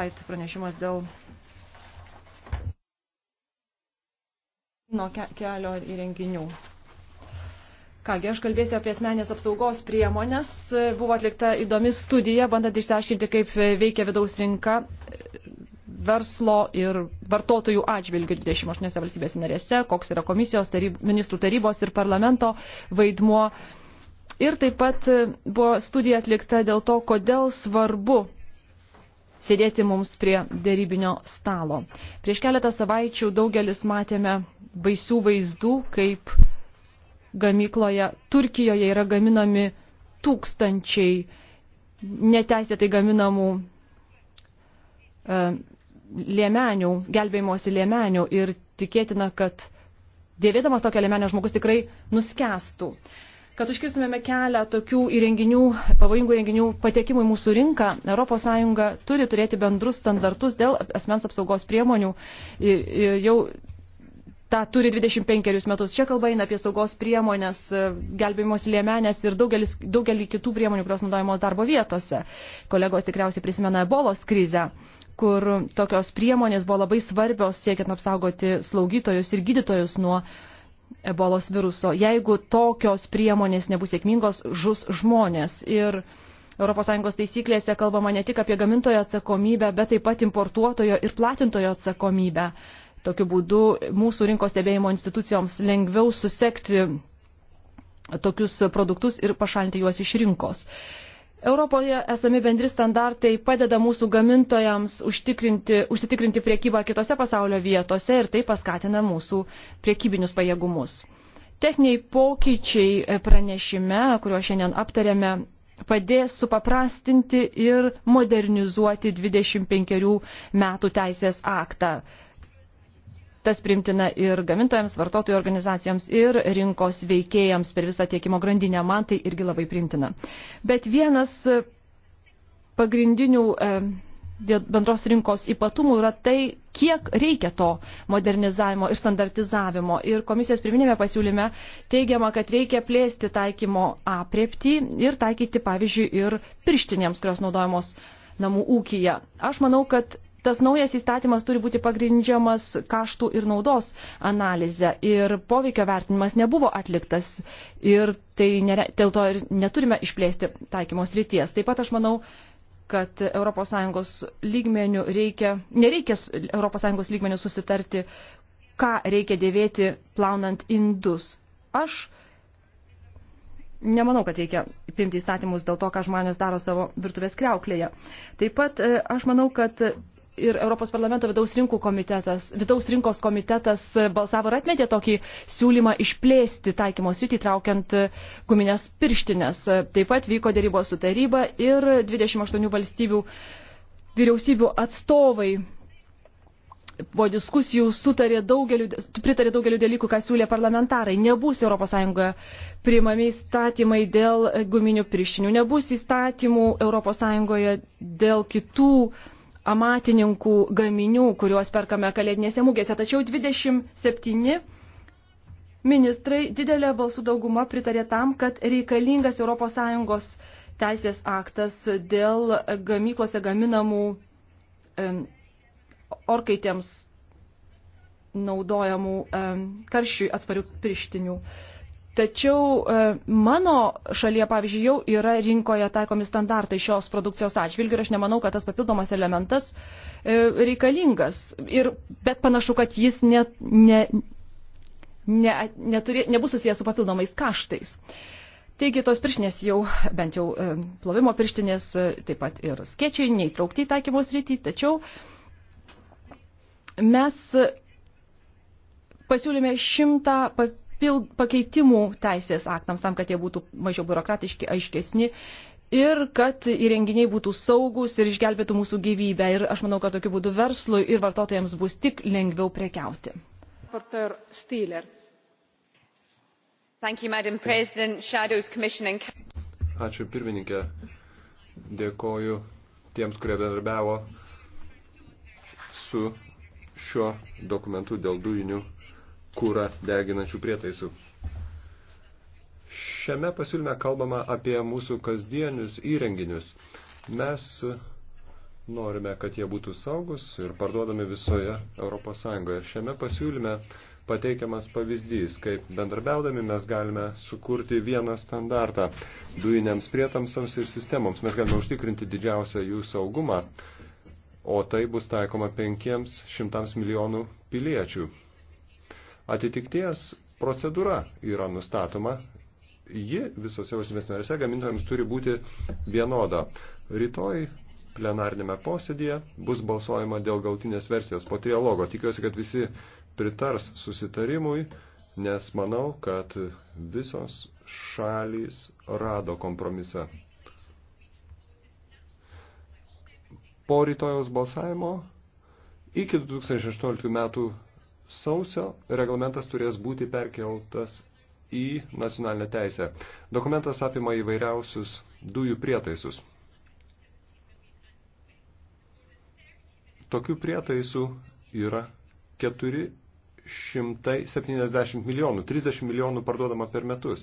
Ait pranešimas dėl nuo kelio įrenginių. Kągi, aš kalbėsiu apie asmenės apsaugos priemonės. Buvo atlikta įdomi studija, bandant išsiaiškinti, kaip veikia vidaus rinka verslo ir vartotojų atžvilgių 28 valstybės narėse, koks yra komisijos, taryb, ministrų tarybos ir parlamento vaidmuo. Ir taip pat buvo studija atlikta dėl to, kodėl svarbu sėdėti mums prie dėrybinio stalo. Prieš keletą savaičių daugelis matėme baisių vaizdų, kaip gamykloje Turkijoje yra gaminami tūkstančiai neteisėtai gaminamų e, liemenių, gelbėjimosi liemenių ir tikėtina, kad dėvėdamas tokią liemenę žmogus tikrai nuskestų. Kad užkirstumėme kelią tokių įrenginių, pavojingų įrenginių patekimui mūsų rinką, ES turi turėti bendrus standartus dėl asmens apsaugos priemonių. Jau tą turi 25 metus. Čia kalba eina apie saugos priemonės, gelbėjimos liemenės ir daugelis, daugelį kitų priemonių, kurios naudojamos darbo vietose. Kolegos tikriausiai prisimena ebolos krizę kur tokios priemonės buvo labai svarbios siekiant apsaugoti slaugytojus ir gydytojus nuo uh, ebolos viruso. Jeigu tokios priemonės nebus sėkmingos, žus žmonės. Ir ES taisyklėse kalbama ne tik apie gamintojo atsakomybę, bet taip pat importuotojo ir platintojo atsakomybę. Tokiu būdu mūsų rinkos stebėjimo institucijoms lengviau susekti tokius produktus ir pašalinti juos iš rinkos. Europoje esami bendri standartai padeda mūsų gamintojams užsitikrinti priekybą kitose pasaulio vietose ir tai paskatina mūsų priekybinius pajėgumus. Techniniai pokyčiai e, pranešime, kuriuo šiandien aptarėme, padės supaprastinti ir modernizuoti 25 metų teisės aktą Tas primtina ir gamintojams, vartotojų organizacijoms, ir rinkos veikėjams per visą tiekimo grandinę. Man tai irgi labai primtina. Bet vienas e, pagrindinių e, bendros rinkos ypatumų yra tai, kiek reikia to modernizavimo ir standartizavimo. Ir komisijos pirminėme pasiūlyme teigiama, kad reikia plėsti taikymo apriepti ir taikyti, pavyzdžiui, ir pirštinėms, kurios naudojamos namų ūkija. Aš manau, kad tas naujas įstatymas turi būti pagrindžiamas kaštų ir naudos analizę ir poveikio vertinimas nebuvo atliktas ir tai nere, dėl to ir neturime išplėsti taikymos ryties. Taip pat aš manau, kad ES lygmenių reikia, nereikia ES lygmenių susitarti, ką reikia dėvėti plaunant indus. Aš nemanau, kad reikia priimti įstatymus dėl to, ką žmonės daro savo virtuvės kreuklėje. Taip pat e, aš manau, kad ir Europos parlamento vidaus, komitetas, vidaus rinkos komitetas balsavo ir atmetė tokį siūlymą išplėsti taikymo sritį, traukiant guminės pirštinės. Taip pat vyko dėrybos su taryba ir 28 valstybių vyriausybių atstovai po diskusijų sutarė daugeliu, pritarė daugeliu dalykų, ką siūlė parlamentarai. Nebus ES priimami įstatymai dėl guminių pirštinių, nebus įstatymų ES dėl kitų uh, amatininkų gaminių, kuriuos perkame kalėdinėse mūgėse. Tačiau 27 ministrai didelė balsų dauguma pritarė tam, kad reikalingas ES teisės aktas dėl gamyklose gaminamų orkaitėms naudojamų karščiui atsparių pirštinių. Tačiau e, mano šalyje, pavyzdžiui, jau yra rinkoje taikomi standartai šios produkcijos atžvilgių ir aš nemanau, kad tas papildomas elementas e, reikalingas. Ir, bet panašu, kad jis net, ne, ne, neturė, nebus susijęs su papildomais kaštais. Taigi tos pirštinės jau, bent jau e, plovimo pirštinės, taip pat ir skiečiai neįtraukti į taikymos rytį, tačiau mes pasiūlėme šimtą papil, pakeitimų teisės aktams, tam, kad jie būtų mažiau biurokratiški, aiškesni ir kad įrenginiai būtų saugus ir išgelbėtų mūsų gyvybę. Ir aš manau, kad tokiu būdu verslui ir vartotojams bus tik lengviau prekiauti. Ačiū pirmininkė. Dėkoju tiems, kurie bendarbiavo su šiuo dokumentu dėl dujinių kūrą deginančių prietaisų. Šiame pasiūlyme kalbama apie mūsų kasdienius įrenginius. Mes norime, kad jie būtų saugus ir parduodami visoje Europos Sąjungoje. Šiame pasiūlyme pateikiamas pavyzdys, kaip bendrabiaudami mes galime sukurti vieną standartą dujiniams prietamsams ir sistemoms. Mes galime užtikrinti didžiausią jų saugumą, o tai bus taikoma 500 milijonų piliečių. Atitikties procedūra yra nustatoma. Ji visose valstybės narėse gamintojams turi būti vienoda. Rytoj plenarnėme posėdėje bus balsuojama dėl gautinės versijos po trialogo. Tikiuosi, kad visi pritars susitarimui, nes manau, kad visos šalys rado kompromisą. Po rytojaus balsavimo iki 2018 metų sausio reglamentas turės būti perkeltas į nacionalinę teisę. Dokumentas apima įvairiausius dujų prietaisus. Tokių prietaisų yra 470 milijonų, 30 milijonų parduodama per metus.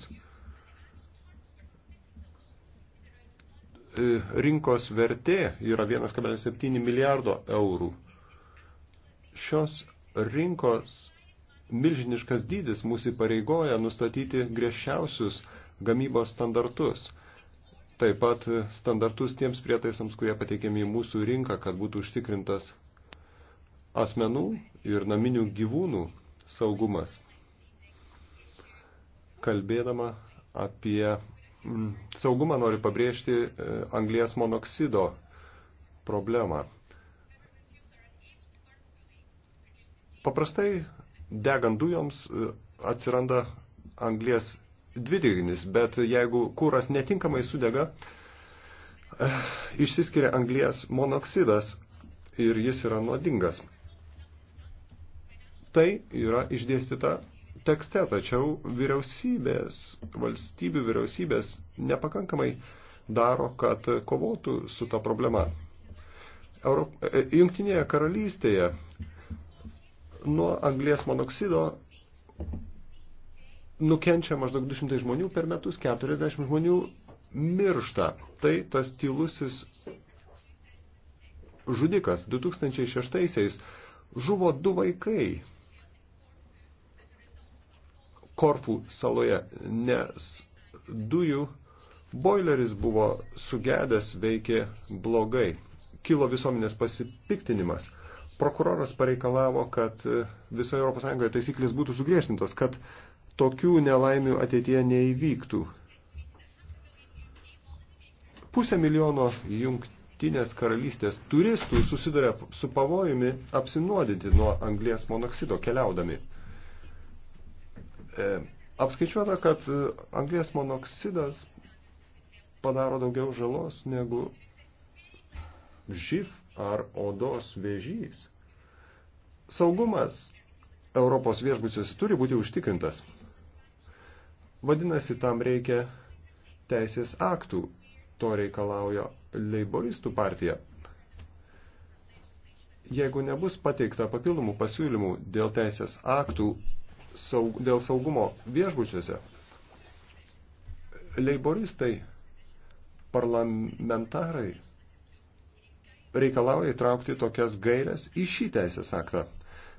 Rinkos vertė yra 1,7 milijardo eurų. Šios rinkos milžiniškas dydis mūsų pareigoja nustatyti griežčiausius gamybos standartus. Taip pat standartus tiems prietaisams, kurie pateikiami į mūsų rinką, kad būtų užtikrintas asmenų ir naminių gyvūnų saugumas. Kalbėdama apie mm, saugumą noriu pabrėžti e, anglies monoksido problemą. Paprastai degant dujoms e, atsiranda anglies dvideginis, bet jeigu kūras netinkamai sudega, e, išsiskiria anglies monoksidas ir jis yra nuodingas. Tai yra išdėstyta tekste, tačiau vyriausybės, valstybių vyriausybės nepakankamai daro, kad kovotų su ta problema. Europ... E, Jungtinėje karalystėje nuo anglės monoksido nukenčia maždaug 200 žmonių per metus, 40 žmonių miršta. Tai tas tylusis žudikas 2006-aisiais žuvo du vaikai Korfų saloje, nes dujų boileris buvo sugedęs, veikė blogai. Kilo visuomenės pasipiktinimas – Prokuroras pareikalavo, kad e, visoje ES taisyklės būtų sugriežtintos, kad tokių nelaimių ateityje neįvyktų. Pusę milijono jungtinės karalystės turistų susiduria su pavojumi apsinuodinti nuo anglės monoksido keliaudami. E, apskaičiuota, kad e, anglės monoksidas padaro daugiau žalos negu živ ar odos vėžys. Saugumas Europos viešbučiuose turi būti užtikrintas. Vadinasi, tam reikia teisės aktų. To reikalauja leiboristų partija. Jeigu nebus pateikta papildomų pasiūlymų dėl teisės aktų, saug, dėl saugumo viešbučiuose, leiboristai, parlamentarai reikalauja įtraukti tokias gairias į šį teisės aktą.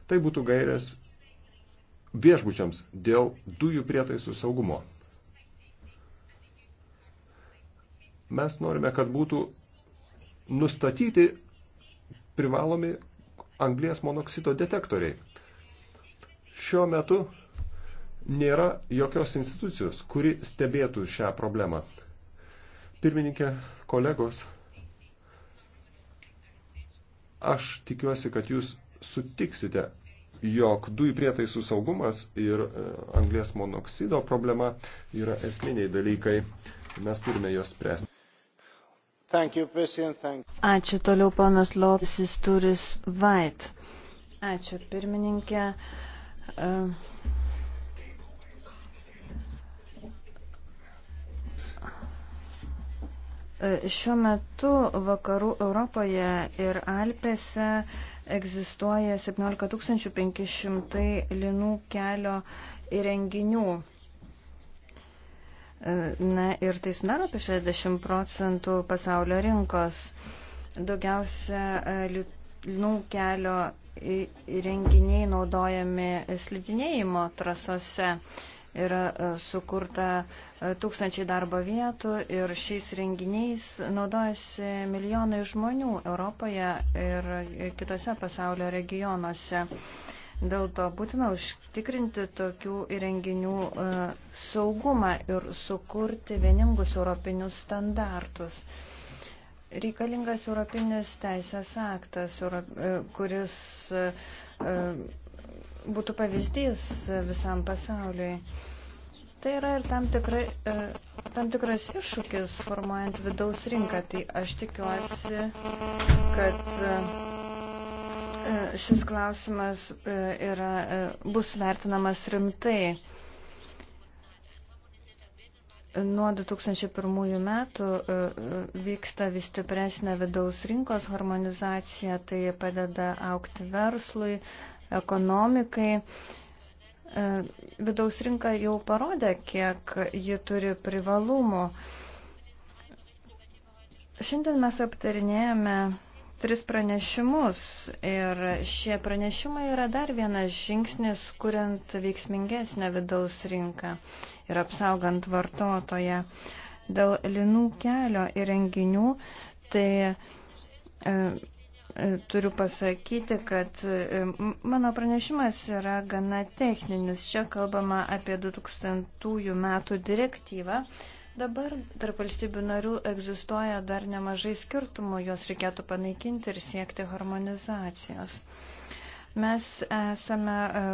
Tai būtų gairias viešbučiams dėl dujų prietaisų saugumo. Mes norime, kad būtų nustatyti privalomi anglės monoksido detektoriai. Šiuo metu nėra jokios institucijos, kuri stebėtų šią problemą. Pirmininkė, kolegos, Aš tikiuosi, kad jūs sutiksite, jog dujų prietaisų saugumas ir e, anglės monoksido problema yra esminiai dalykai. Mes turime juos spręsti. You, Ačiū toliau, panas Lopsis Turis Vait. Ačiū, pirmininkė. Uh, E, šiuo metu vakarų Europoje ir Alpėse egzistuoja 17 500 linų kelio įrenginių. E, na ir tai sudaro apie 60 procentų pasaulio rinkos. Daugiausia e, linų kelio įrenginiai naudojami slidinėjimo trasose yra e, sukurta e, tūkstančiai darbo vietų ir šiais renginiais naudojasi milijonai žmonių Europoje ir e, kitose pasaulio regionuose. Dėl to būtina užtikrinti tokių įrenginių saugumą ir sukurti vieningus europinius standartus. Reikalingas europinis teisės aktas, kuris būtų pavyzdys visam pasauliui. Tai yra ir tam, tikrai, e, tam tikras iššūkis formuojant vidaus rinką. Tai aš tikiuosi, kad e, šis klausimas e, yra, bus vertinamas rimtai. Nuo 2001 metų vyksta vis stipresnė vidaus rinkos harmonizacija, tai padeda aukti verslui, ekonomikai. E, vidaus rinka jau parodė, kiek ji turi privalumų. Šiandien mes aptarinėjame tris pranešimus ir šie pranešimai yra dar vienas žingsnis, kuriant veiksmingesnę vidaus rinką ir apsaugant vartotoje. Dėl linų kelio įrenginių tai e, E, turiu pasakyti, kad e, mano pranešimas yra gana techninis. Čia kalbama apie 2000 metų direktyvą. Dabar tarp valstybių narių egzistuoja dar nemažai skirtumų, juos reikėtų panaikinti ir siekti harmonizacijos. Mes esame e,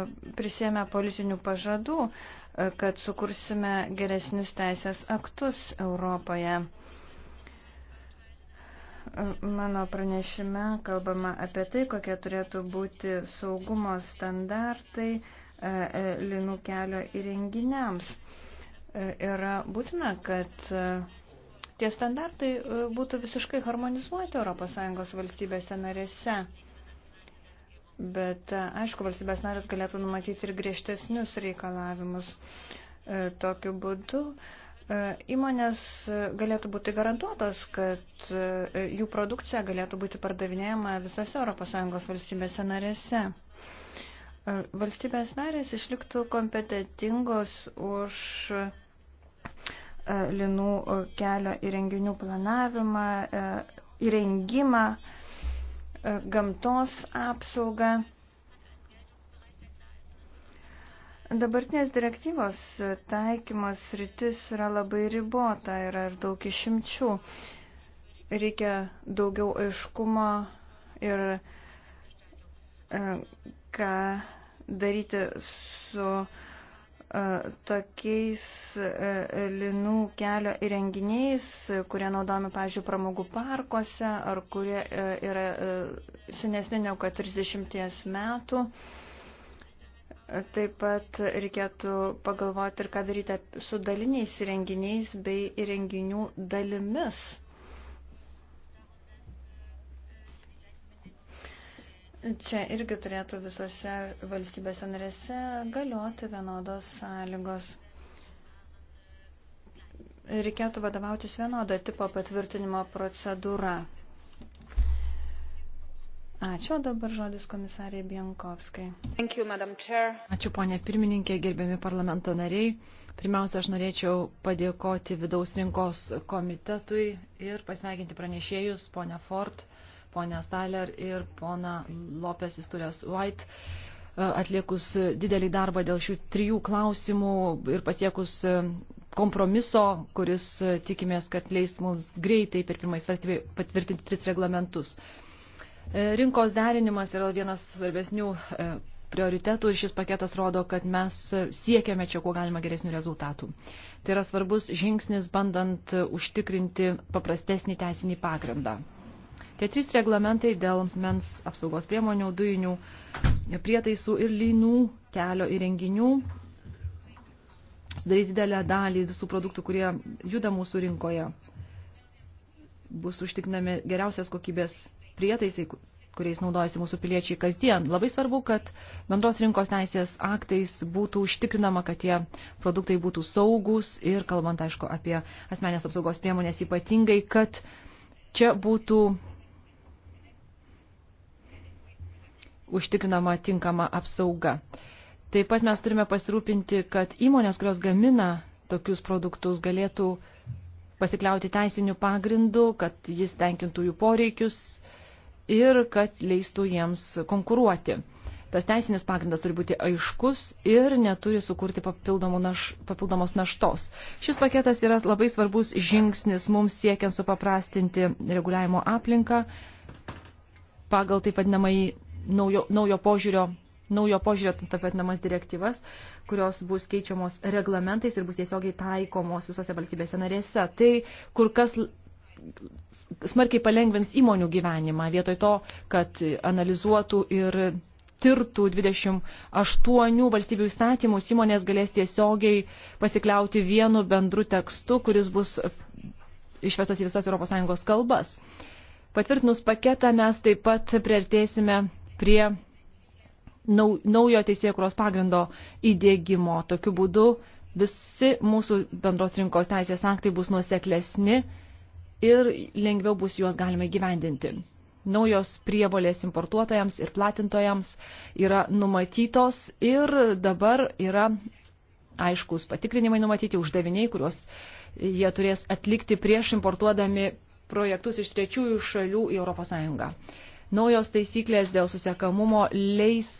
prisėmę politinių pažadų, kad sukursime geresnius teisės aktus Europoje. Mano pranešime kalbama apie tai, kokie turėtų būti saugumo standartai e, e, linų kelio įrenginiams. E, yra būtina, kad tie standartai būtų visiškai harmonizuoti ES valstybėse narėse. Bet aišku, valstybės narės galėtų numatyti ir griežtesnius reikalavimus. Tokiu būdu uh, E, įmonės galėtų būti garantuotos, kad e, jų produkcija galėtų būti pardavinėjama visose ES valstybėse narėse. E, valstybės narės išliktų kompetitingos už linų kelio įrenginių planavimą, įrengimą, gamtos apsaugą. Dabartinės direktyvos taikymas rytis yra labai ribota, yra ir daug išimčių. Reikia daugiau aiškumo ir e, ką daryti su e, tokiais e, linų kelio įrenginiais, kurie naudojami, pavyzdžiui, pramogų parkuose ar kurie yra senesni negu 30 metų. Taip pat reikėtų pagalvoti ir ką daryti su daliniais įrenginiais bei įrenginių dalimis. Čia irgi turėtų visose valstybėse narėse galioti vienodos sąlygos. Reikėtų vadovautis vienodo tipo patvirtinimo procedūra. Ačiū, dabar žodis komisarė Bienkovskai. You, Ačiū, ponė pirmininkė, gerbiami parlamento nariai. Pirmiausia, aš norėčiau padėkoti vidaus rinkos komitetui ir pasveikinti pranešėjus, ponę Ford, ponę Staler ir poną Lopes Isturės White, e, atliekus didelį darbą dėl šių trijų klausimų ir pasiekus e, kompromiso, kuris e, tikimės, kad leis mums greitai per pirmąjį svarstymį patvirtinti tris reglamentus. E, rinkos derinimas yra vienas svarbesnių e, prioritetų ir šis paketas rodo, kad mes siekiame čia kuo galima geresnių rezultatų. Tai yra svarbus žingsnis bandant užtikrinti paprastesnį teisinį pagrindą. Tie trys reglamentai dėl mens apsaugos priemonių, dujinių prietaisų ir lynų kelio įrenginių sudarys didelę dalį visų produktų, kurie juda mūsų rinkoje. Bus užtikrinami geriausias kokybės prietaisai, kuriais naudojasi mūsų piliečiai kasdien. Labai svarbu, kad bendros rinkos teisės aktais būtų užtikrinama, kad tie produktai būtų saugus ir kalbant, aišku, apie asmenės apsaugos priemonės ypatingai, kad čia būtų užtikrinama tinkama apsauga. Taip pat mes turime pasirūpinti, kad įmonės, kurios gamina tokius produktus, galėtų pasikliauti teisiniu pagrindu, kad jis tenkintų jų poreikius, uh, ir kad leistų jiems konkuruoti. Tas teisinis pagrindas turi būti aiškus ir neturi sukurti naš, papildomos naštos. Šis paketas yra labai svarbus žingsnis mums siekiant supaprastinti reguliavimo aplinką pagal taip vadinamai naujo, naujo požiūrio naujo požiūrio taip vadinamas direktyvas, kurios bus keičiamos reglamentais ir bus tiesiogiai taikomos visose valstybėse narėse. Tai kur kas smarkiai palengvins įmonių gyvenimą, vietoj to, kad analizuotų ir tirtų 28 valstybių įstatymus, įmonės galės tiesiogiai pasikliauti vienu bendru tekstu, kuris bus išvestas į visas ES kalbas. Patvirtinus paketą mes taip pat priartėsime prie naujo teisėkuros pagrindo įdėgymo. Tokiu būdu visi mūsų bendros rinkos teisės aktai bus nuoseklesni ir lengviau bus juos galima įgyvendinti. Naujos prievolės importuotojams ir platintojams yra numatytos ir dabar yra aiškus patikrinimai numatyti, uždaviniai, kuriuos jie turės atlikti prieš importuodami projektus iš trečiųjų šalių į ES. Naujos taisyklės dėl susiekamumo leis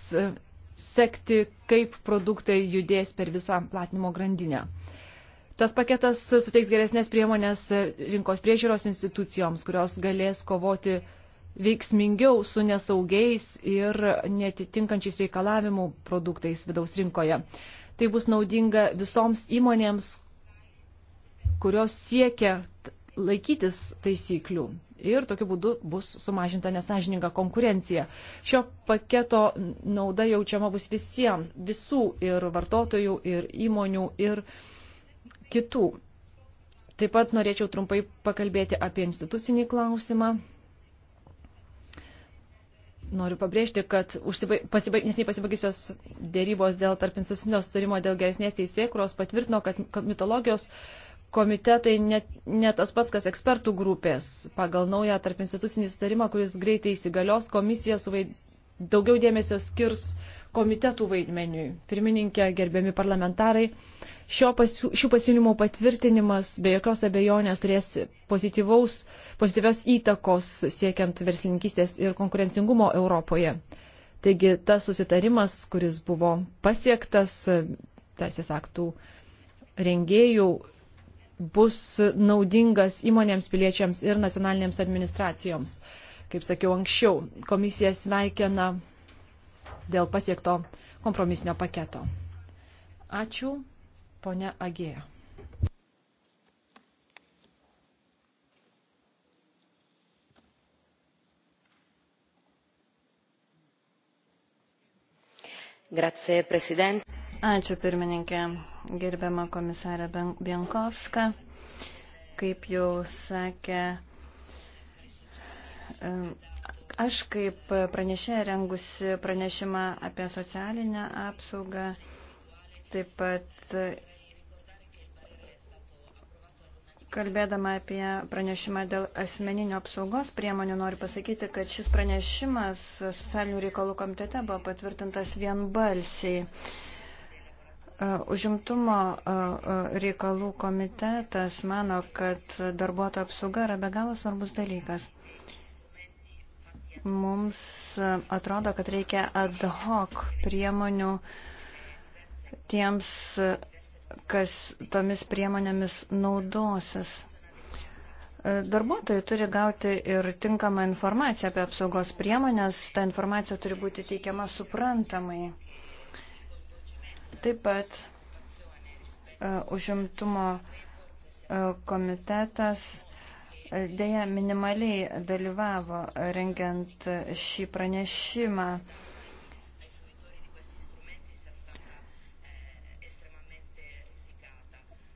sekti, kaip produktai judės per visą platinimo grandinę. Tas paketas suteiks geresnės priemonės rinkos priežiūros institucijoms, kurios galės kovoti veiksmingiau su nesaugiais ir netitinkančiais reikalavimų produktais vidaus rinkoje. Tai bus naudinga visoms įmonėms, kurios siekia laikytis taisyklių ir tokiu būdu bus sumažinta nesažininga konkurencija. Šio paketo nauda jaučiama bus visiems, visų ir vartotojų, ir įmonių, ir uh, kitų. Taip pat norėčiau trumpai pakalbėti apie institucinį klausimą. Noriu pabrėžti, kad pasibaig, nesnei pasibaigusios dėrybos dėl tarp institucinio sutarimo dėl geresnės teisėkuros patvirtino, kad mitologijos komitetai net, net tas pats, kas ekspertų grupės. Pagal naują tarp institucinį sutarimą, kuris greitai įsigalios, komisija suvaid... daugiau dėmesio skirs komitetų vaidmeniui. Pirmininkė, gerbiami parlamentarai, pasiū, šių pasiūlymų patvirtinimas be jokios abejonės turės pozityvios įtakos siekiant verslininkystės ir konkurencingumo Europoje. Taigi tas susitarimas, kuris buvo pasiektas teisės aktų rengėjų, bus naudingas įmonėms, piliečiams ir nacionalinėms administracijoms. Kaip sakiau anksčiau, komisija sveikina dėl pasiekto kompromisinio paketo. Ačiū. Pone Agėja. Grazie, Presidente. Ačiū pirmininkė, gerbiama komisarė Bienkovska. Kaip jau sakė, aš kaip pranešė rengusi pranešimą apie socialinę apsaugą Taip pat kalbėdama apie pranešimą dėl asmeninio apsaugos priemonių, noriu pasakyti, kad šis pranešimas socialinių reikalų komitete buvo patvirtintas vienbalsiai. Užimtumo reikalų komitetas mano, kad darbuoto apsauga yra be galo svarbus dalykas. Mums atrodo, kad reikia ad hoc priemonių uh, tiems, kas tomis priemonėmis naudosis. E, darbuotojai turi gauti ir tinkamą informaciją apie apsaugos priemonės, ta informacija turi būti teikiama suprantamai. Taip pat e, užimtumo e, komitetas dėja minimaliai dalyvavo rengiant šį pranešimą.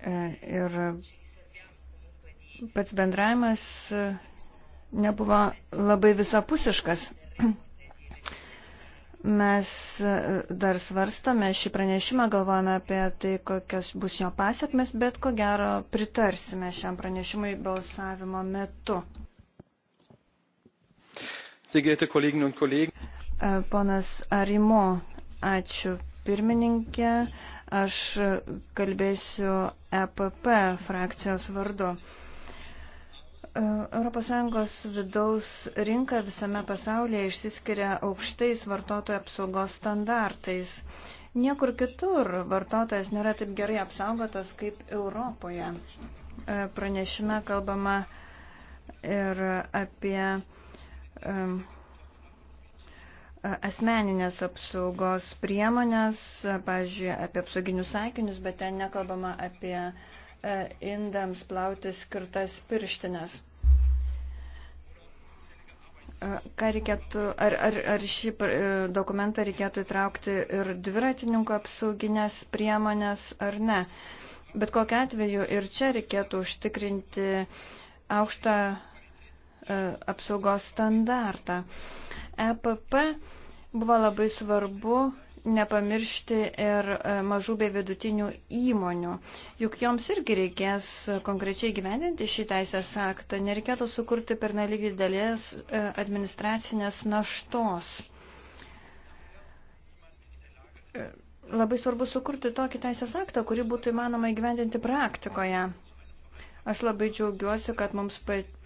E, ir pats bendravimas nebuvo labai visapusiškas. Mes dar svarstome šį pranešimą, galvojame apie tai, kokios bus jo pasiekmes, bet ko gero pritarsime šiam pranešimui balsavimo metu. E, ponas Arimo, ačiū pirmininkė. Aš kalbėsiu EPP frakcijos vardu. ES vidaus rinka visame pasaulyje išsiskiria aukštais vartotojų apsaugos standartais. Niekur kitur vartotojas nėra taip gerai apsaugotas kaip Europoje. E, pranešime kalbama ir apie asmeninės apsaugos priemonės, pavyzdžiui, apie apsauginius sakinius, bet ten nekalbama apie e, indams plauti skirtas pirštinės. E, ką reikėtų, ar, ar, ar šį e, dokumentą reikėtų įtraukti ir dviratininko apsauginės priemonės ar ne. Bet kokiu atveju ir čia reikėtų užtikrinti aukštą E, apsaugos standartą. EPP buvo labai svarbu nepamiršti ir e, mažų bei vidutinių įmonių. Juk joms irgi reikės konkrečiai gyvendinti šį teisės aktą. Nereikėtų sukurti per nelik didelės e, administracinės naštos. Labai svarbu sukurti tokį teisės aktą, kurį būtų įmanoma įgyvendinti praktikoje. Aš labai džiaugiuosi, kad mums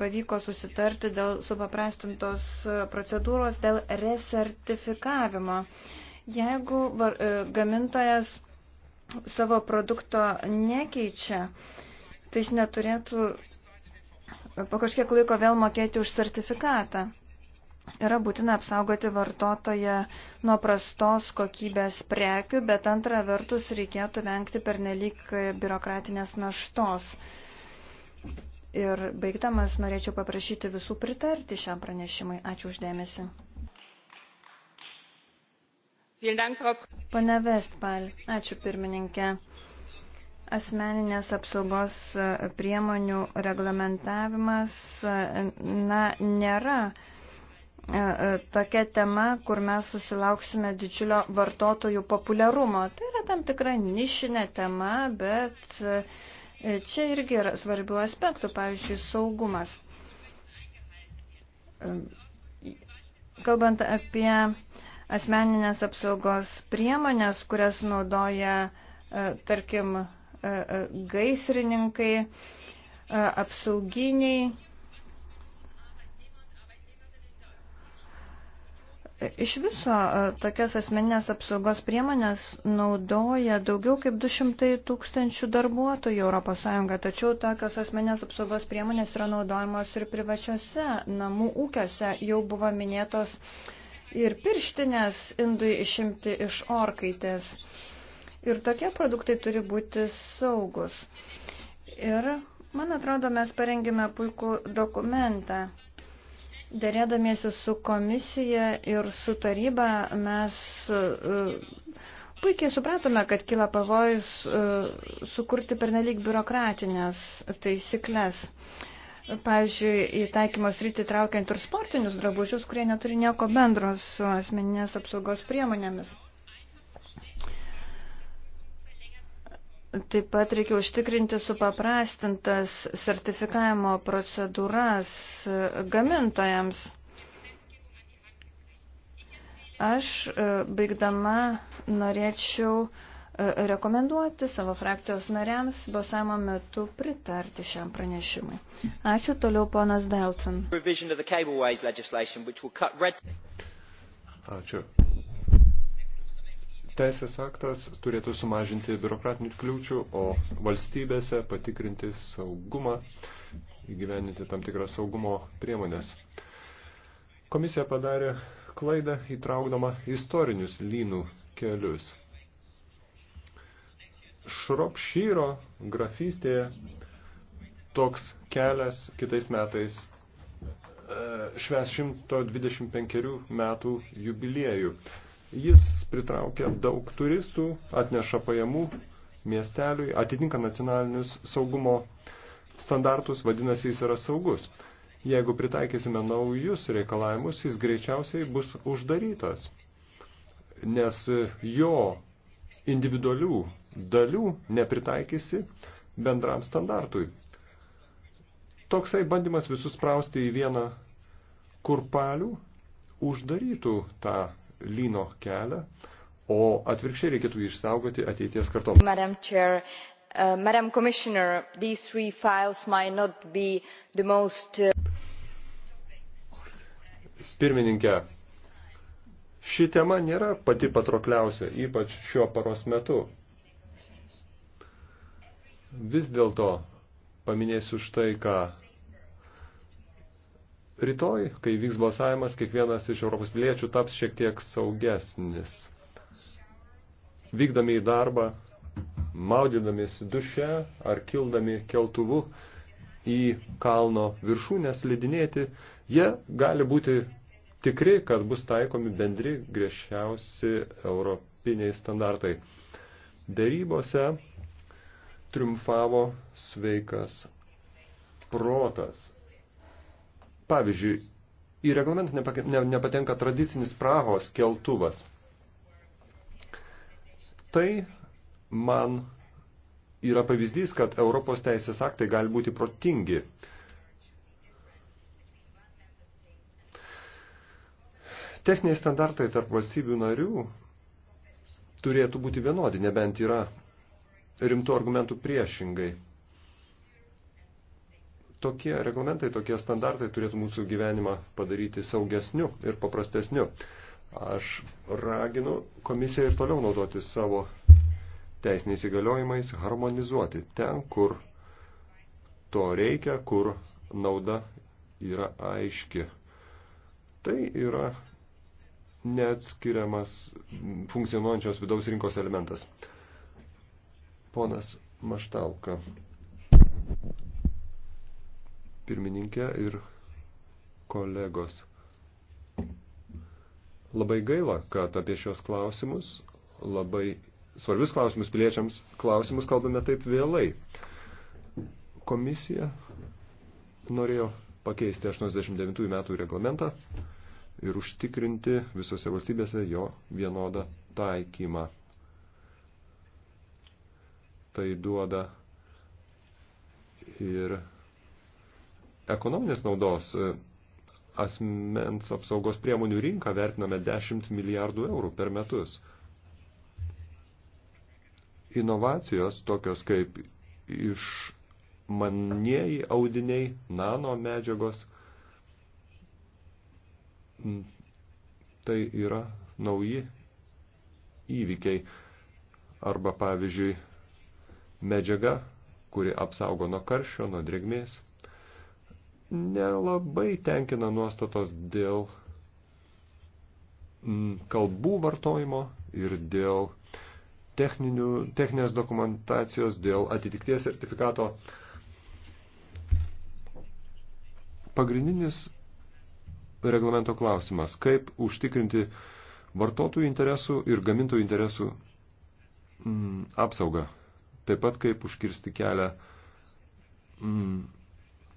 pavyko susitarti dėl supaprastintos e, procedūros dėl resertifikavimo. Jeigu e, gamintojas savo produkto nekeičia, tai jis neturėtų po kažkiek laiko vėl mokėti už sertifikatą. Yra būtina apsaugoti vartotoje nuo prastos kokybės prekių, bet antra vertus reikėtų vengti pernelyg biurokratinės naštos. Ir baigtamas norėčiau paprašyti visų pritarti šiam pranešimui. Ačiū uždėmesi. Pane Vestpal, ačiū pirmininkė. Asmeninės apsaugos e, priemonių reglamentavimas e, na, nėra e, tokia tema, kur mes susilauksime didžiulio vartotojų populiarumo. Tai yra tam tikra nišinė tema, bet Čia irgi yra svarbių aspektų, pavyzdžiui, saugumas. Kalbant apie asmeninės apsaugos priemonės, kurias naudoja, e, tarkim, e, e, gaisrininkai, apsauginiai, Iš viso e, tokias asmeninės apsaugos priemonės naudoja daugiau kaip 200 tūkstančių darbuotojų ES, tačiau tokios asmeninės apsaugos priemonės yra naudojamos ir privačiose namų ūkiuose, jau buvo minėtos ir pirštinės indui išimti iš orkaitės. Ir tokie produktai turi būti saugus. Ir, man atrodo, mes parengėme puikų dokumentą. Dėrėdamiesi su komisija ir su taryba mes e, puikiai supratome, kad kila pavojus e, sukurti pernelyg biurokratinės taisyklės. Pavyzdžiui, į taikymos rytį traukiant ir sportinius drabužius, kurie neturi nieko bendro su asmeninės apsaugos priemonėmis. Taip pat reikia užtikrinti supaprastintas sertifikavimo procedūras gamintojams. Aš e, baigdama norėčiau e, rekomenduoti savo frakcijos nariams balsavimo metu pritarti šiam pranešimui. Ačiū toliau ponas Delton. Ačiū. Teisės aktas turėtų sumažinti biurokratinių kliūčių, o valstybėse patikrinti saugumą, įgyveninti tam tikrą saugumo priemonės. Komisija padarė klaidą įtraukdama istorinius lynų kelius. Šropšyro grafystėje toks kelias kitais metais e, šves 125 metų jubiliejų. Jis pritraukia daug turistų, atneša pajamų miesteliui, atitinka nacionalinius saugumo standartus, vadinasi, jis yra saugus. Jeigu pritaikysime naujus reikalavimus, jis greičiausiai bus uždarytas, nes jo individualių dalių nepritaikysi bendram standartui. Toksai bandymas visus prausti į vieną kurpalių uždarytų tą lyno kelią, o atvirkščiai reikėtų jį išsaugoti ateities kartoms. Madam Chair, uh, Madam Commissioner, these three files might not be the most. Uh... Pirmininkė, ši tema nėra pati patraukliausia, ypač šiuo paros metu. Vis dėlto paminėsiu štai ką Rytoj, kai vyks balsavimas, kiekvienas iš Europos piliečių taps šiek tiek saugesnis. Vykdami į darbą, maudydamis duše ar kildami keltuvu į kalno viršūnę slidinėti, jie gali būti tikri, kad bus taikomi bendri griežčiausi europiniai standartai. Dėrybose triumfavo sveikas protas. Pavyzdžiui, į reglamentą nepatenka tradicinis Prahos keltuvas. Tai man yra pavyzdys, kad Europos teisės aktai gali būti protingi. Techniniai standartai tarp valstybių narių turėtų būti vienodi, nebent yra rimtų argumentų priešingai. Tokie reglamentai, tokie standartai turėtų mūsų gyvenimą padaryti saugesniu ir paprastesniu. Aš raginu komisiją ir toliau naudoti savo teisiniais įgaliojimais, harmonizuoti ten, kur to reikia, kur nauda yra aiški. Tai yra neatskiriamas funkcionuojančios vidaus rinkos elementas. Ponas Maštalka pirmininkė ir kolegos. Labai gaila, kad apie šios klausimus, labai svarbius klausimus piliečiams, klausimus kalbame taip vėlai. Komisija norėjo pakeisti 89 metų reglamentą ir užtikrinti visose valstybėse jo vienodą taikymą. Tai duoda ir ekonominės naudos e, asmens apsaugos priemonių rinką vertiname 10 milijardų eurų per metus. Inovacijos tokios kaip išmanieji audiniai, nano medžiagos, tai yra nauji įvykiai. Arba pavyzdžiui medžiaga, kuri apsaugo nuo karščio, nuo drėgmės nelabai tenkina nuostatos dėl mm, kalbų vartojimo ir dėl techninių, techninės dokumentacijos, dėl atitikties sertifikato. Pagrindinis reglamento klausimas, kaip užtikrinti vartotojų interesų ir gamintojų interesų mm, apsaugą, taip pat kaip užkirsti kelią mm,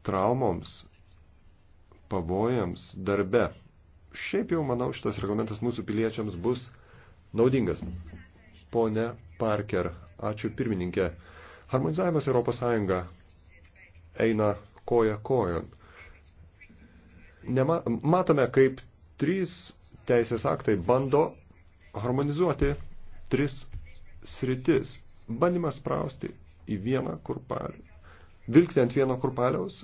traumoms, pavojams darbe. Šiaip jau, manau, šitas reglamentas mūsų piliečiams bus naudingas. Pone Parker, ačiū pirmininkė. Harmonizavimas ES eina koja kojon. Nema, matome, kaip trys teisės aktai bando harmonizuoti tris sritis. Bandymas sprausti į vieną kurpalį vilkti ant vieno kurpaliaus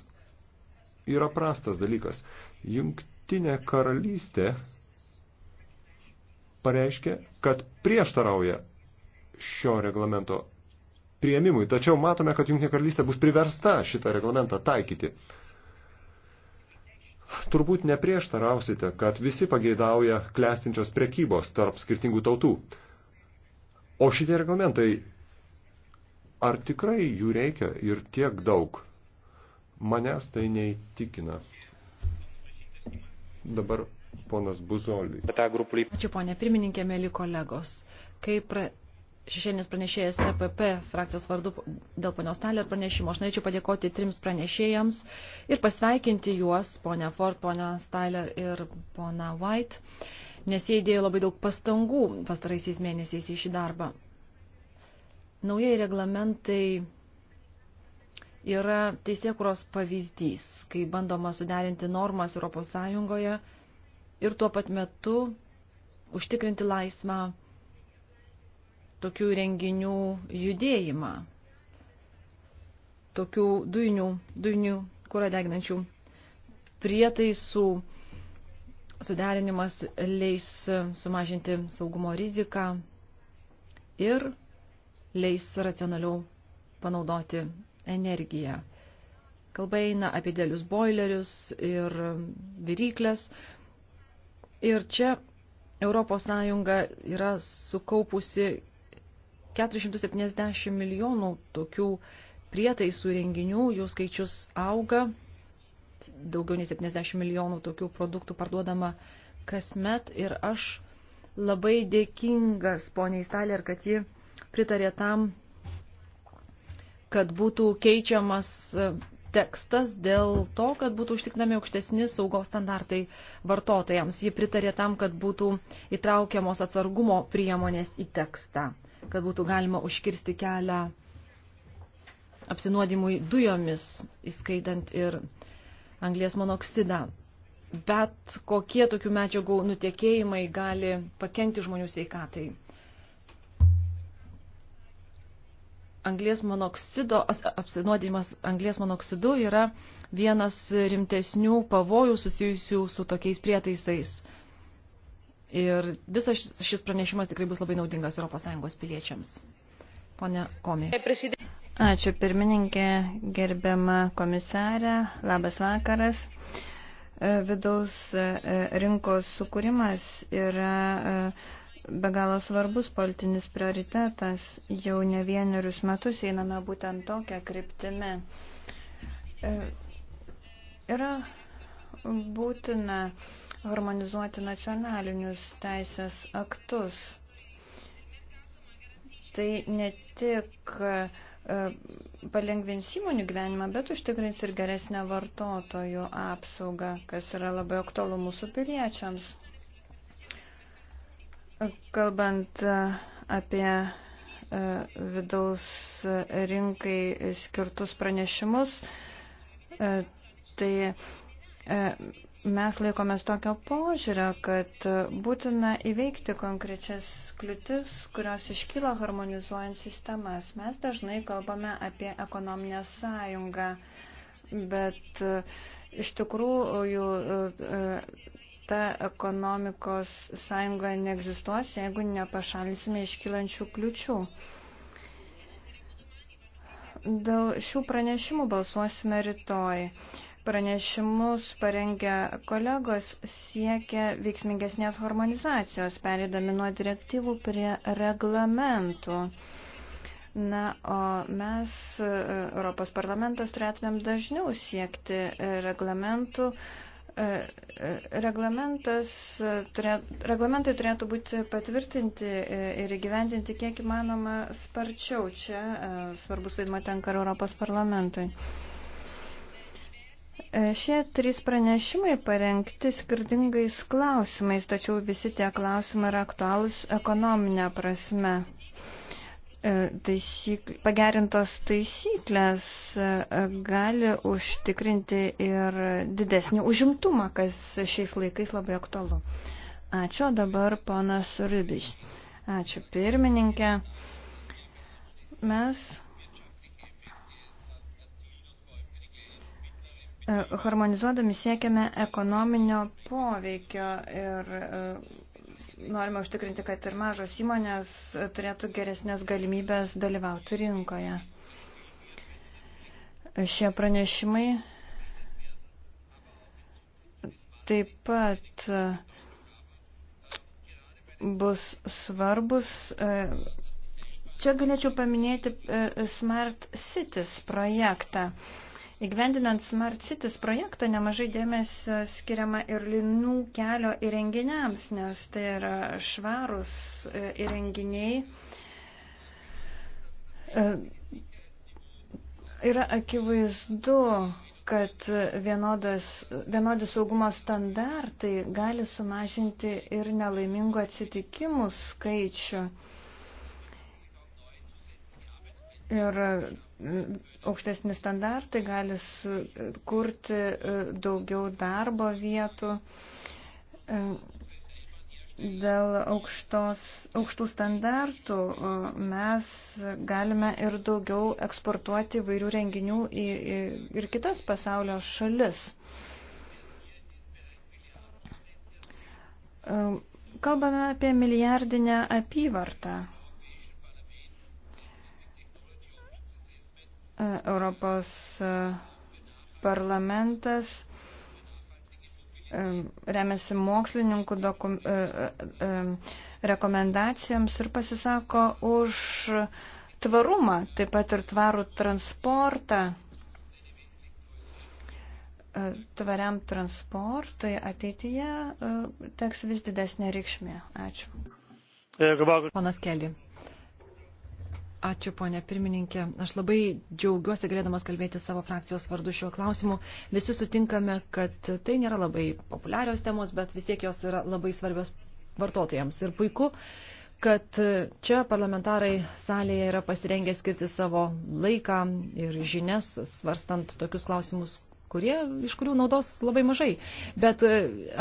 yra prastas dalykas. Jungtinė karalystė pareiškė, kad prieštarauja šio reglamento prieimimui. Tačiau matome, kad Junktinė karalystė bus priversta šitą reglamentą taikyti. Turbūt neprieštarausite, kad visi pageidauja klestinčios prekybos tarp skirtingų tautų. O šitie reglamentai Ar tikrai jų reikia ir tiek daug? Manęs tai neįtikina. Dabar ponas Buzoliui. Ačiū ponė pirmininkė, mėly kolegos. Kaip pra... šešėlinis pranešėjas EPP frakcijos vardu dėl ponios Taler pranešimo, aš norėčiau padėkoti trims pranešėjams ir pasveikinti juos, ponę Ford, ponę Taler ir poną White, nes jie įdėjo labai daug pastangų pastaraisiais mėnesiais į šį darbą naujai reglamentai yra teisėkuros pavyzdys, kai bandoma suderinti normas ES ir tuo pat metu užtikrinti laisvą tokių renginių judėjimą, tokių dujinių, dujinių kurą deginančių prietaisų suderinimas leis sumažinti saugumo riziką ir leis racionaliau panaudoti energiją. Kalba eina apie dėlius boilerius ir viryklės. Ir čia ES yra sukaupusi 470 milijonų tokių prietaisų renginių, jų skaičius auga, daugiau nei 70 milijonų tokių produktų parduodama kasmet ir aš labai dėkingas poniai Staler, kad ji pritarė tam, kad būtų keičiamas e, tekstas dėl to, kad būtų užtikrinami aukštesni saugos standartai vartotojams. Ji pritarė tam, kad būtų įtraukiamos atsargumo priemonės į tekstą, kad būtų galima užkirsti kelią apsinuodimui dujomis, įskaitant ir anglės monoksidą. Bet kokie tokių medžiagų nutekėjimai gali pakengti žmonių sveikatai. anglės monoksido, apsinuodimas anglės monoksidu yra vienas rimtesnių pavojų susijusių su tokiais prietaisais. Ir visas šis pranešimas tikrai bus labai naudingas ES piliečiams. Pone Komi. Ačiū pirmininkė, gerbiama komisarė, labas vakaras. E, vidaus e, rinkos sukūrimas yra e, be galo svarbus politinis prioritetas. Jau ne vienerius metus einame būtent tokią kryptimį. E, yra būtina harmonizuoti nacionalinius teisės aktus. Tai ne tik e, palengvins įmonių gyvenimą, bet užtikrins ir geresnę vartotojų apsaugą, kas yra labai aktualu mūsų piliečiams. Kalbant e, apie e, vidaus rinkai skirtus pranešimus, e, tai mes laikomės tokio požiūrio, kad būtina įveikti konkrečias kliūtis, kurios iškyla harmonizuojant sistemas. Mes dažnai kalbame apie ekonominę sąjungą, bet iš tikrųjų ta ekonomikos sąjunga neegzistuos, jeigu nepašalinsime iškylančių kliučių. Dėl šių pranešimų balsuosime rytoj. Pranešimus parengę kolegos siekia veiksmingesnės harmonizacijos, perėdami nuo direktyvų prie reglamentų. Na, o mes, Europos parlamentas, turėtumėm dažniau siekti reglamentų, E, e, e, reglamentai turėtų būti patvirtinti ir įgyvendinti kiek įmanoma sparčiau. Čia svarbus vaidmo tenka Europos parlamentui. Šie trys pranešimai parengti skirtingais klausimais, tačiau visi tie klausimai yra aktualūs ekonominė prasme. E, taisyk, pagerintos taisyklės e, gali užtikrinti ir didesnį užimtumą, kas šiais laikais labai aktualu. Ačiū dabar ponas Rybiš. Ačiū pirmininkė. Mes e, harmonizuodami siekiame ekonominio poveikio ir norime užtikrinti, kad ir mažos įmonės turėtų geresnės galimybės dalyvauti rinkoje. Šie pranešimai taip pat bus svarbus. Čia galėčiau paminėti e, Smart Cities projektą. Įgyvendinant Smart Cities projektą nemažai dėmesio skiriama ir linų kelio įrenginiams, nes tai yra švarus e, įrenginiai. E, yra akivaizdu, kad vienodas, vienodi saugumo standartai gali sumažinti ir nelaimingų atsitikimų skaičių. Ir aukštesni standartai gali kurti e, daugiau darbo vietų. E, dėl aukštos, aukštų standartų e, mes galime ir daugiau eksportuoti vairių renginių į, į, ir kitas pasaulio šalis. Kalbame apie milijardinę apyvartą E, Europos e, parlamentas e, remiasi mokslininkų dokum, rekomendacijoms ir pasisako už tvarumą, taip pat ir tvarų transportą. Tvariam transportui ateityje teks vis didesnė reikšmė. Ačiū. Panas Keli. Ačiū, ponė pirmininkė. Aš labai džiaugiuosi galėdamas kalbėti savo frakcijos vardu šiuo klausimu. Visi sutinkame, kad tai nėra labai populiarios temos, bet vis tiek jos yra labai svarbios vartotojams. Ir puiku, kad čia parlamentarai salėje yra pasirengę skirti savo laiką ir žinias, svarstant tokius klausimus, kurie, iš kurių naudos labai mažai. Bet e,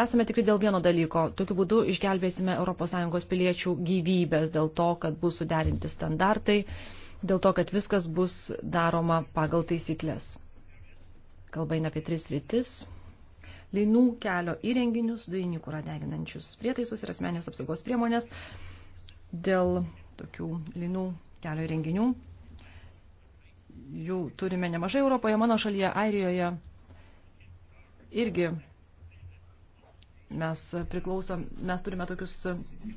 esame tikri dėl vieno dalyko. Tokiu būdu išgelbėsime ES piliečių gyvybės dėl to, kad bus suderinti standartai, dėl to, kad viskas bus daroma pagal taisyklės. Kalba eina apie tris rytis - linų kelio įrenginius, dujininkų radeginančius prietaisus ir asmenės apsaugos priemonės dėl tokių linų kelio įrenginių. Jų turime nemažai Europoje, mano šalyje, Airijoje, irgi mes priklausom, mes turime tokius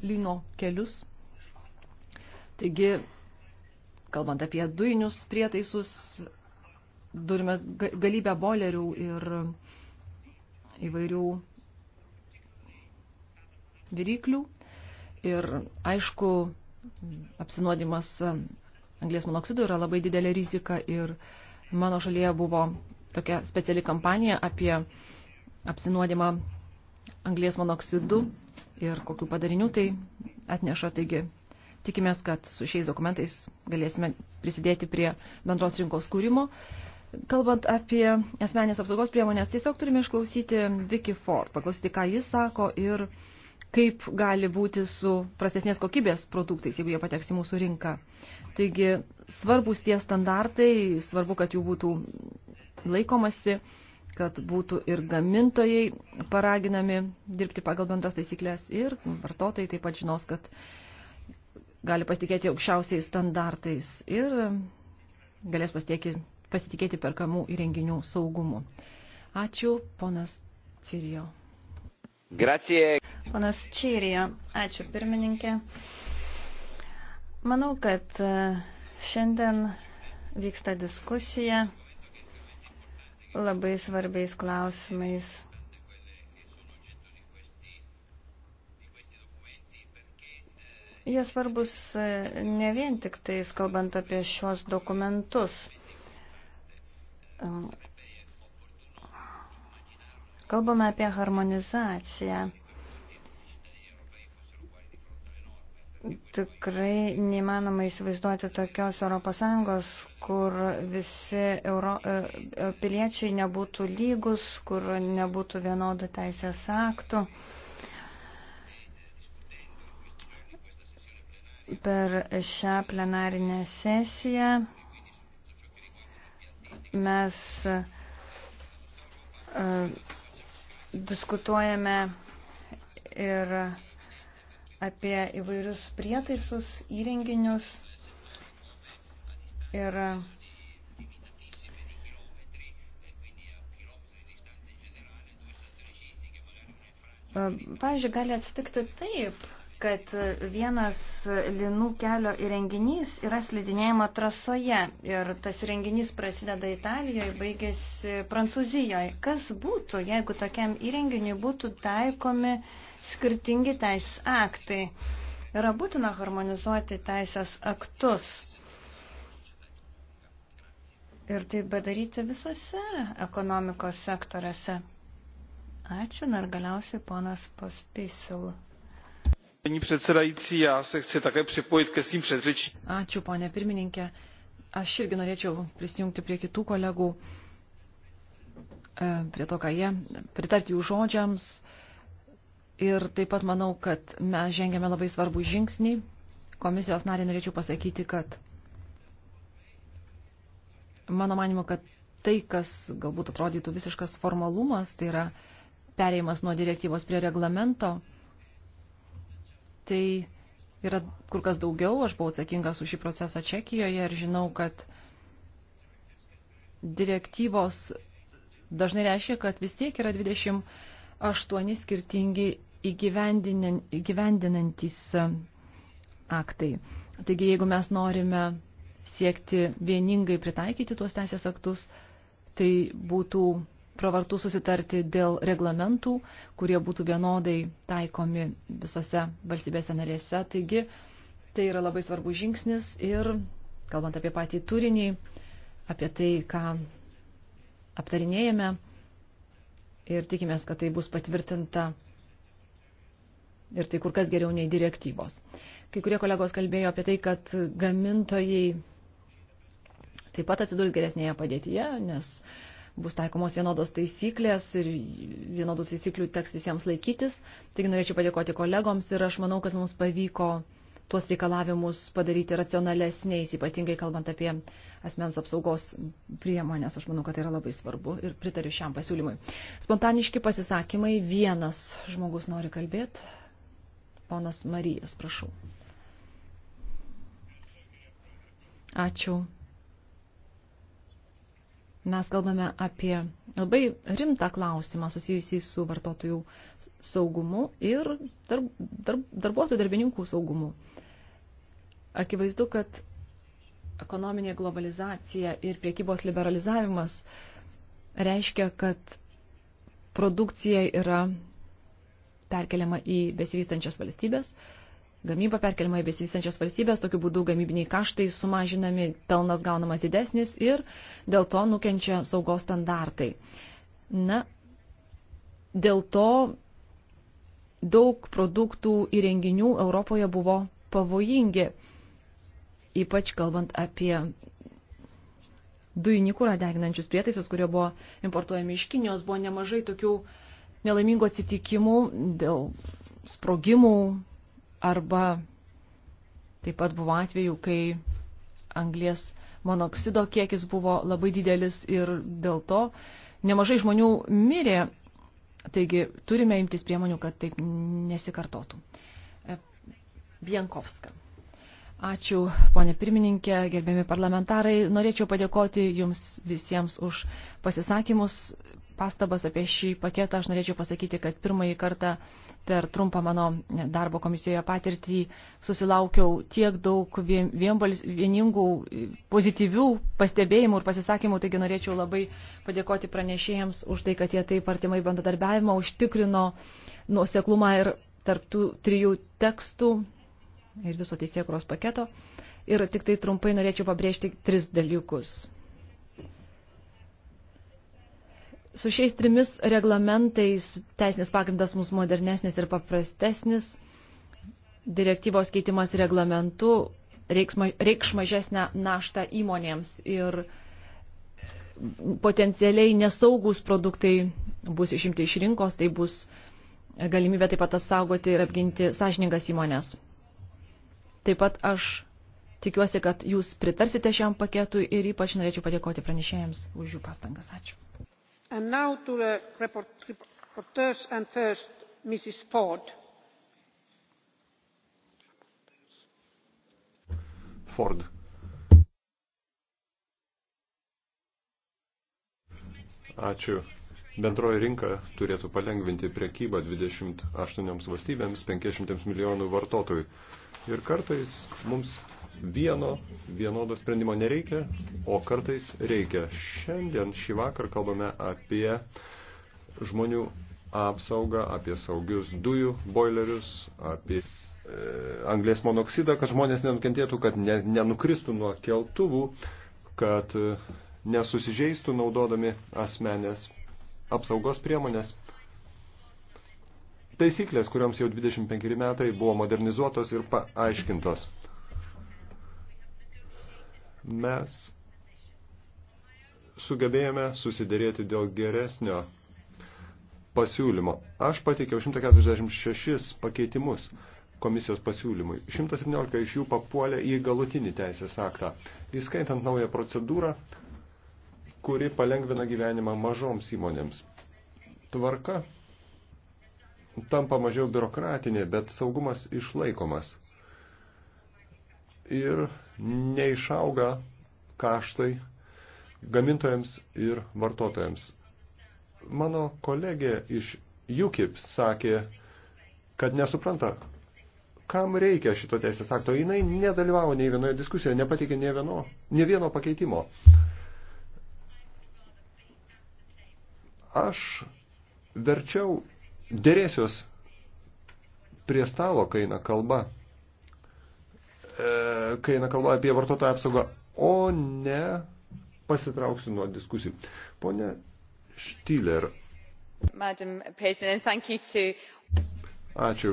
lyno kelius. Taigi, kalbant apie dujinius prietaisus, turime galybę bolerių ir įvairių viryklių. Ir aišku, apsinuodimas anglės monoksidu yra labai didelė rizika ir mano šalyje buvo tokia speciali kampanija apie apsinuodimą anglies monoksidu ir kokių padarinių tai atneša. Taigi tikimės, kad su šiais dokumentais galėsime prisidėti prie bendros rinkos kūrimo. Kalbant apie asmenės apsaugos priemonės, tiesiog turime išklausyti Vicky Ford, paklausyti, ką jis sako ir kaip gali būti su prastesnės kokybės produktais, jeigu jie pateks į mūsų rinką. Taigi svarbus tie standartai, svarbu, kad jų būtų laikomasi, kad būtų ir gamintojai paraginami dirbti pagal bendras taisyklės ir vartotojai taip pat žinos, kad gali pasitikėti aukščiausiais standartais ir galės pasitikėti, pasitikėti perkamų įrenginių saugumu. Ačiū, ponas Cirijo. Gracie. Ponas Čirijo, ačiū pirmininkė. Manau, kad e, šiandien vyksta diskusija labai svarbiais klausimais. Jie svarbus e, ne vien tik tais, kalbant apie šios dokumentus. Kalbame apie harmonizaciją. Tikrai neįmanoma įsivaizduoti tokios ES, kur visi Euro, e, e, piliečiai nebūtų lygus, kur nebūtų vienodų teisės aktų. Per šią plenarinę sesiją mes e, diskutuojame ir apie įvairius prietaisus, įrenginius ir Pavyzdžiui, gali atsitikti taip, kad vienas linų kelio įrenginys yra slidinėjama trasoje ir tas renginys prasideda Italijoje, baigėsi Prancūzijoje. Kas būtų, jeigu tokiam įrenginiui būtų taikomi skirtingi teisės aktai? Yra būtina harmonizuoti teisės aktus. Ir tai padaryti visose ekonomikos sektoriuose. Ačiū, dar galiausiai ponas Pospisil. Paní předsedající, já se chci také připojit ke svým předřečníkům. Ačiū, ponė pirmininkė. Aš irgi norėčiau prisijungti prie kitų kolegų, e, prie to, ką jie, pritarti jų žodžiams. Ir taip pat manau, kad mes žengėme labai svarbų žingsnį. Komisijos narė norėčiau pasakyti, kad mano manimo, kad tai, kas galbūt atrodytų visiškas formalumas, tai yra perėjimas nuo direktyvos prie reglamento, tai yra kur kas daugiau. Aš buvau atsakingas už šį procesą Čekijoje ir žinau, kad direktyvos dažnai reiškia, kad vis tiek yra 28 skirtingi įgyvendinantys e, aktai. Taigi, jeigu mes norime siekti vieningai pritaikyti tuos teisės aktus, tai būtų pravartų susitarti dėl reglamentų, kurie būtų vienodai taikomi visose valstybėse narėse. Taigi tai yra labai svarbus žingsnis ir, kalbant apie patį turinį, apie tai, ką aptarinėjame ir tikimės, kad tai bus patvirtinta ir tai kur kas geriau nei direktyvos. Kai kurie kolegos kalbėjo apie tai, kad gamintojai taip pat atsidurs geresnėje padėtyje, nes uh, bus taikomos vienodos taisyklės ir vienodų taisyklių teks visiems laikytis. Taigi norėčiau padėkoti kolegoms ir aš manau, kad mums pavyko tuos reikalavimus padaryti racionalesniais, ypatingai kalbant apie asmens apsaugos priemonės. Aš manau, kad tai yra labai svarbu ir pritariu šiam pasiūlymui. Spontaniški pasisakymai. Vienas žmogus nori kalbėti. Ponas Marijas, prašau. Ačiū, mes kalbame apie labai rimtą klausimą susijusį su vartotojų saugumu ir darb, darb, darbuotojų darbininkų saugumu. Akivaizdu, kad ekonominė globalizacija ir priekybos liberalizavimas reiškia, kad produkcija yra perkeliama į besivystančias valstybės, gamyba perkeliama į besivystančias valstybės, tokiu būdu gamybiniai kaštai sumažinami, pelnas gaunamas didesnis ir dėl to nukenčia saugos standartai. Na, dėl to daug produktų įrenginių Europoje buvo pavojingi, ypač kalbant apie dujinikurą deginančius prietaisus, kurie buvo importuojami iš Kinijos, buvo nemažai tokių nelaimingų atsitikimų dėl sprogimų, Arba taip pat buvo atveju, kai anglės monoksido kiekis buvo labai didelis ir dėl to nemažai žmonių mirė. Taigi turime imtis priemonių, kad taip nesikartotų. Vienkovska. E, Ačiū, ponė pirmininkė, gerbėmi parlamentarai. Norėčiau padėkoti jums visiems už pasisakymus pastabas apie šį paketą, aš norėčiau pasakyti, kad pirmąjį kartą per trumpą mano darbo komisijoje patirtį susilaukiau tiek daug vien, vienbals, vieningų pozityvių pastebėjimų ir pasisakymų, taigi norėčiau labai padėkoti pranešėjams už tai, kad jie taip artimai bendradarbiavimą užtikrino nuoseklumą ir tarptų trijų tekstų ir viso teisėkuros paketo. Ir tik tai trumpai norėčiau pabrėžti tris dalykus. Su šiais trimis reglamentais teisinis pagrindas mūsų modernesnis ir paprastesnis, direktyvos keitimas reglamentu reikš mažesnę naštą įmonėms ir potencialiai nesaugus produktai bus išimti iš rinkos, tai bus galimybė taip pat apsaugoti ir apginti sąžiningas įmonės. Taip pat aš tikiuosi, kad jūs pritarsite šiam paketui ir ypač norėčiau padėkoti pranešėjams už jų pastangas. Ačiū first, ford. ford. Ačiū. Bendroji rinka turėtų palengvinti priekybą 28 valstybėms 500 milijonų vartotojų. Ir kartais mums Vieno vienodo sprendimo nereikia, o kartais reikia. Šiandien šį vakar kalbame apie žmonių apsaugą, apie saugius dujų boilerius, apie e, anglės monoksidą, kad žmonės nenukentėtų, kad ne, nenukristų nuo keltuvų, kad e, nesusižeistų naudodami asmenės apsaugos priemonės. Taisyklės, kuriams jau 25 metai buvo modernizuotos ir paaiškintos mes sugebėjome susidėrėti dėl geresnio pasiūlymo. Aš pateikiau 146 pakeitimus komisijos pasiūlymui. 117 iš jų papuolė į galutinį teisės aktą, įskaitant naują procedūrą, kuri palengvina gyvenimą mažoms įmonėms. Tvarka tampa mažiau biurokratinė, bet saugumas išlaikomas ir neišauga kaštai gamintojams ir vartotojams. Mano kolegė iš UKIP sakė, kad nesupranta, kam reikia šito teisės akto. Jinai nedalyvavo nei vienoje diskusijoje, nepatikė nei vieno, nei vieno pakeitimo. Aš verčiau dėrėsios prie stalo, kai eina kalba E, kai eina kalba apie vartotojo apsaugą, o ne pasitrauksiu nuo diskusijų. Pone Štyler. Ačiū.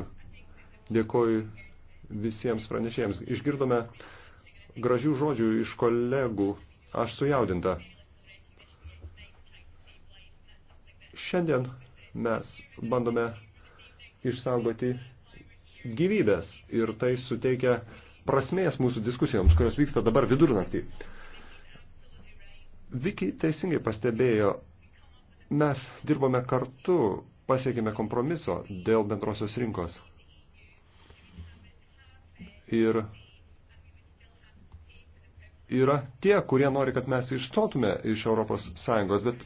Dėkoju visiems pranešėjams. Išgirdome gražių žodžių iš kolegų. Aš sujaudinta. Šiandien mes bandome išsaugoti gyvybės ir tai suteikia uh, prasmės mūsų diskusijoms, kurios vyksta dabar vidurnaktį. Viki teisingai pastebėjo, mes dirbome kartu, pasiekime kompromiso dėl bendrosios rinkos. Ir yra tie, kurie nori, kad mes išstotume iš Europos Sąjungos, bet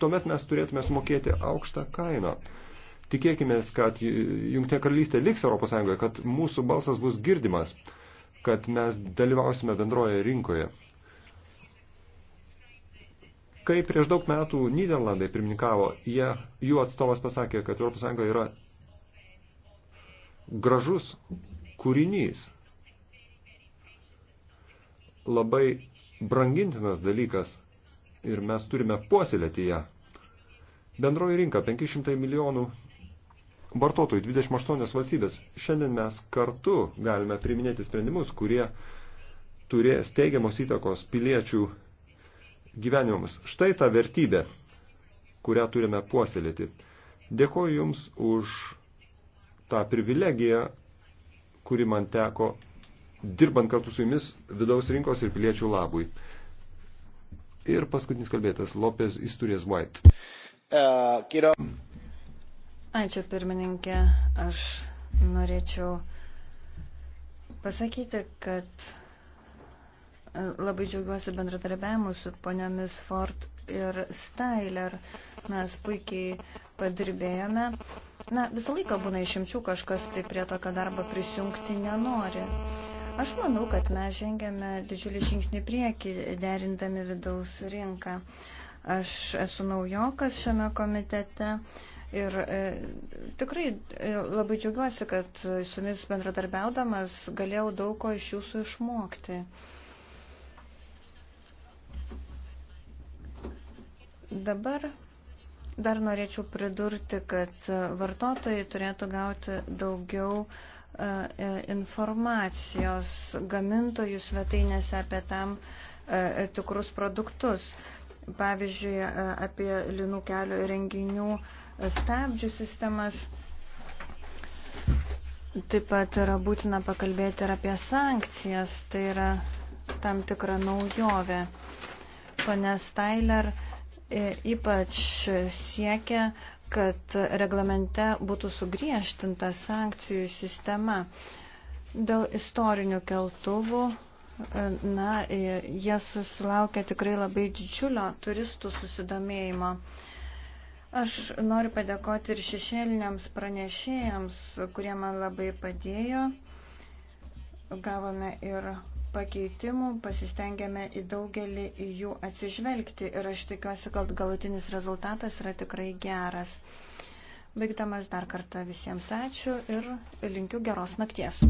tuomet mes turėtume sumokėti aukštą kainą. Tikėkime, kad Junktinė karalystė liks ES, kad mūsų balsas bus girdimas, kad mes dalyvausime bendroje rinkoje. Kai prieš daug metų Niderlandai pirmininkavo, jie, jų atstovas pasakė, kad ES yra gražus kūrinys, labai brangintinas dalykas ir mes turime puoselėti ją. Bendroji rinka 500 milijonų vartotojų 28 valstybės. Šiandien mes kartu galime priminėti sprendimus, kurie turės teigiamos įtakos piliečių gyvenimams. Štai ta vertybė, kurią turime puoselėti. Dėkoju Jums už tą privilegiją, kuri man teko dirbant kartu su Jumis vidaus rinkos ir piliečių labui. Ir paskutinis kalbėtas Lopez Isturės White. Uh, kiro... Ačiū pirmininkė. Aš norėčiau pasakyti, kad e, labai džiaugiuosi bendradarbiavimu su poniomis Ford ir Styler. Mes puikiai padirbėjome. Na, visą laiką būna išimčių, kažkas tai prie tokio darbo prisijungti nenori. Aš manau, kad mes žengėme didžiulį žingsnį priekį, derindami vidaus rinką. Aš esu naujokas šiame komitete. Uh, Ir e, tikrai e, labai džiaugiuosi, kad su jumis bendradarbiaudamas galėjau daug ko iš jūsų išmokti. Dabar dar norėčiau pridurti, kad vartotojai turėtų gauti daugiau e, e informacijos gamintojų svetainėse apie tam e, e, tikrus produktus. Pavyzdžiui, e, apie linų kelio renginių e, stabdžių sistemas. Taip pat yra būtina pakalbėti ir apie sankcijas, tai yra tam tikra naujovė. Pane Steiler e, ypač siekia, kad reglamente būtų sugriežtinta sankcijų sistema. Dėl istorinių keltuvų, e, na, e, jie susilaukia tikrai labai didžiulio turistų susidomėjimo. Aš noriu padėkoti ir šešėliniams pranešėjams, kurie man labai padėjo. Gavome ir pakeitimų, pasistengėme į daugelį jų atsižvelgti ir aš tikiuosi, kad galutinis rezultatas yra tikrai geras. Baigdamas dar kartą visiems ačiū ir linkiu geros nakties.